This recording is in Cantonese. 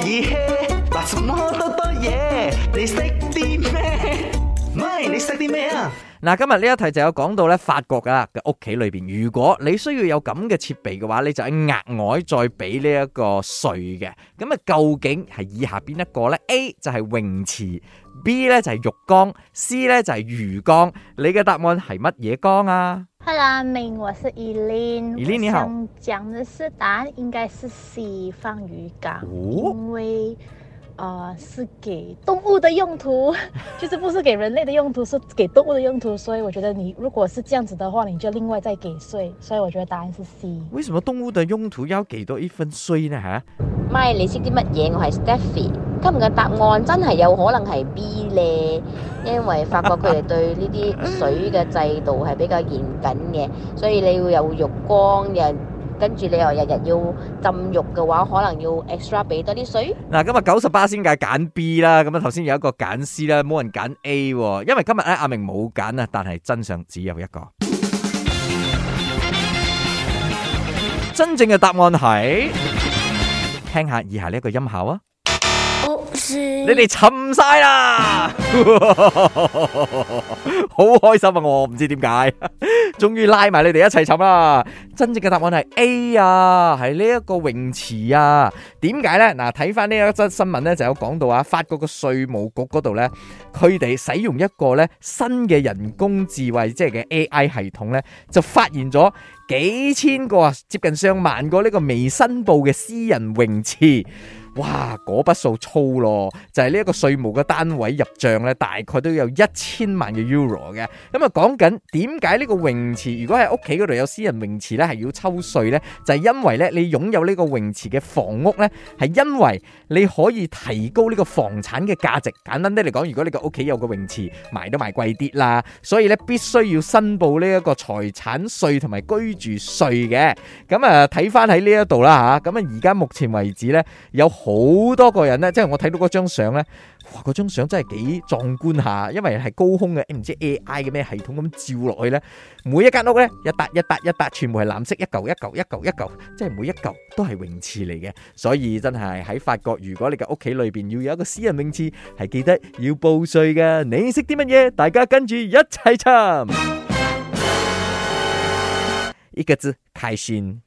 以氣嗱，什麼多嘢？你識啲咩？咪你識啲咩啊？嗱，今日呢一題就有講到咧，法國啦嘅屋企裏邊，如果你需要有咁嘅設備嘅話，你就喺額外再俾呢一個稅嘅。咁啊，究竟係以下邊一個咧？A 就係泳池，B 咧就係浴缸，C 咧就係魚缸。你嘅答案係乜嘢缸啊？Hello，明，我是依琳。依琳你好。講的是答案應該是 C 放魚缸，oh? 因為呃是給動物的用途， 就是不是給人類的用途，是給動物的用途，所以我覺得你如果是這樣子的話，你就另外再給稅，所以我覺得答案是 C。為什麼動物的用途要給多一份稅呢？哈？My，你識啲乜嘢？我還是 Stephy 今日嘅答案真係有可能係 B 咧，因為法國佢哋對呢啲水嘅制度係比較嚴謹嘅，所以你要有浴缸，又跟住你又日日要浸浴嘅話，可能要 extra 俾多啲水。嗱，今日九十八先解揀 B 啦，咁啊頭先有一個揀 C 啦，冇人揀 A，因為今日咧阿明冇揀啊，但係真相只有一個，真正嘅答案係聽下以下呢一個音效啊！你哋沉晒啦，好 開心啊！我唔知點解，終 於拉埋你哋一齊沉啦。真正嘅答案係 A 啊，係呢一個泳池啊。點解呢？嗱，睇翻呢一則新聞呢，就有講到啊，法國嘅稅務局嗰度呢，佢哋使用一個新嘅人工智慧，即係嘅 AI 系統呢，就發現咗幾千個接近上萬個呢個未申報嘅私人泳池。哇，嗰筆數粗咯，就係呢一個稅務嘅單位入賬咧，大概都有一千萬嘅 euro 嘅。咁啊，講緊點解呢個泳池，如果喺屋企度有私人泳池咧，係要抽稅咧？就係因為咧，你擁有呢個泳池嘅房屋咧，係因為你可以提高呢個房產嘅價值。簡單啲嚟講，如果你個屋企有個泳池，賣都賣貴啲啦，所以咧必須要申報呢一個財產稅同埋居住稅嘅。咁啊，睇翻喺呢一度啦吓，咁啊而家目前為止咧有好多個人咧，即係我睇到嗰張相咧，哇！嗰張相真係幾壯觀下，因為係高空嘅，唔知 AI 嘅咩系統咁照落去咧，每一間屋咧，一笪一笪一笪，全部係藍色，一嚿一嚿一嚿一嚿，即係每一嚿都係泳池嚟嘅。所以真係喺法國，如果你嘅屋企裏邊要有一個私人泳池，係記得要報稅㗎。你識啲乜嘢？大家跟住一齊參，一個字開心。